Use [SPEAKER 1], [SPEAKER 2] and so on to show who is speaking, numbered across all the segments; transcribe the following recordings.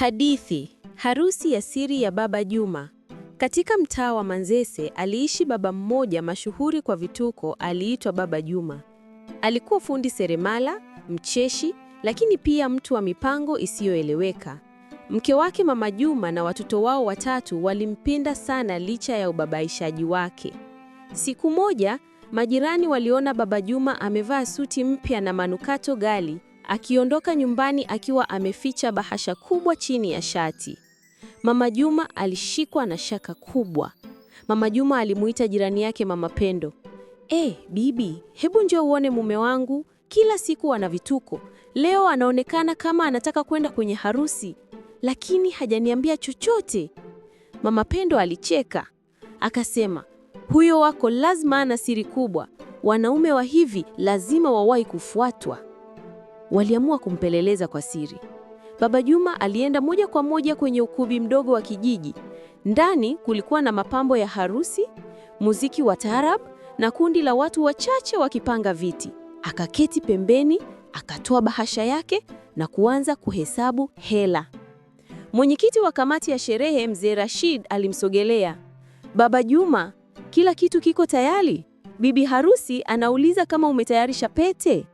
[SPEAKER 1] Hadithi: harusi ya siri ya Baba Juma. Katika mtaa wa Manzese aliishi baba mmoja mashuhuri kwa vituko, aliitwa Baba Juma. Alikuwa fundi seremala, mcheshi, lakini pia mtu wa mipango isiyoeleweka. Mke wake Mama Juma na watoto wao watatu walimpinda sana licha ya ubabaishaji wake. Siku moja, majirani waliona Baba Juma amevaa suti mpya na manukato gali akiondoka nyumbani akiwa ameficha bahasha kubwa chini ya shati. Mama Juma alishikwa na shaka kubwa. Mama Juma alimuita jirani yake Mama Pendo. E, bibi, hebu njoo uone mume wangu, kila siku ana vituko. Leo anaonekana kama anataka kwenda kwenye harusi, lakini hajaniambia chochote. Mama Pendo alicheka akasema, huyo wako lazima ana siri kubwa. Wanaume wa hivi lazima wawahi kufuatwa waliamua kumpeleleza kwa siri. Baba Juma alienda moja kwa moja kwenye ukumbi mdogo wa kijiji. Ndani kulikuwa na mapambo ya harusi, muziki wa taarab na kundi la watu wachache wakipanga viti. Akaketi pembeni, akatoa bahasha yake na kuanza kuhesabu hela. Mwenyekiti wa kamati ya sherehe, Mzee Rashid, alimsogelea. Baba Juma, kila kitu kiko tayari? Bibi harusi anauliza kama umetayarisha pete.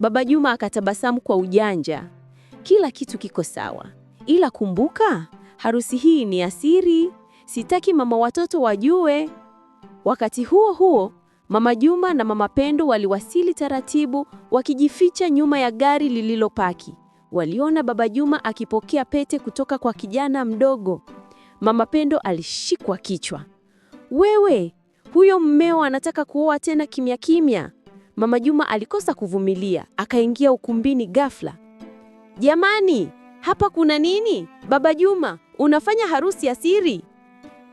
[SPEAKER 1] Baba Juma akatabasamu kwa ujanja. Kila kitu kiko sawa, ila kumbuka, harusi hii ni asiri, sitaki mama watoto wajue. Wakati huo huo, Mama Juma na Mama Pendo waliwasili taratibu, wakijificha nyuma ya gari lililopaki. Waliona Baba Juma akipokea pete kutoka kwa kijana mdogo. Mama Pendo alishikwa kichwa. Wewe, huyo mmeo anataka kuoa tena kimya kimya. Mama Juma alikosa kuvumilia, akaingia ukumbini ghafla. Jamani, hapa kuna nini? Baba Juma, unafanya harusi ya siri?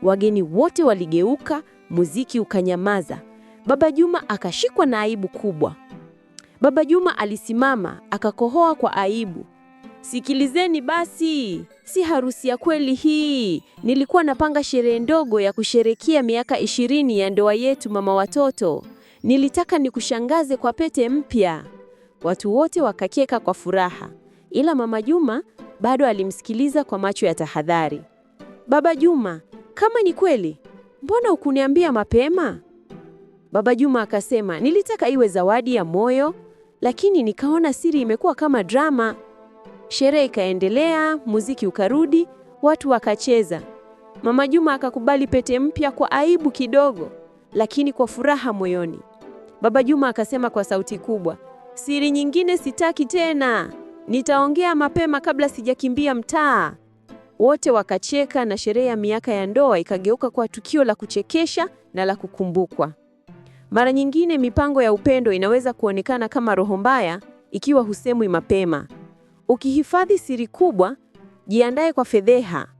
[SPEAKER 1] Wageni wote waligeuka, muziki ukanyamaza. Baba Juma akashikwa na aibu kubwa. Baba Juma alisimama, akakohoa kwa aibu. Sikilizeni basi, si harusi ya kweli hii. Nilikuwa napanga sherehe ndogo ya kusherekea miaka ishirini ya ndoa yetu, mama watoto. Nilitaka nikushangaze kwa pete mpya. Watu wote wakakeka kwa furaha, ila Mama Juma bado alimsikiliza kwa macho ya tahadhari. Baba Juma, kama ni kweli, mbona hukuniambia mapema? Baba Juma akasema, nilitaka iwe zawadi ya moyo, lakini nikaona siri imekuwa kama drama. Sherehe ikaendelea, muziki ukarudi, watu wakacheza. Mama Juma akakubali pete mpya kwa aibu kidogo, lakini kwa furaha moyoni. Baba Juma akasema kwa sauti kubwa, siri nyingine sitaki tena, nitaongea mapema kabla sijakimbia mtaa. Wote wakacheka na sherehe ya miaka ya ndoa ikageuka kwa tukio la kuchekesha na la kukumbukwa. Mara nyingine mipango ya upendo inaweza kuonekana kama roho mbaya ikiwa husemwi mapema. Ukihifadhi siri kubwa, jiandae kwa fedheha.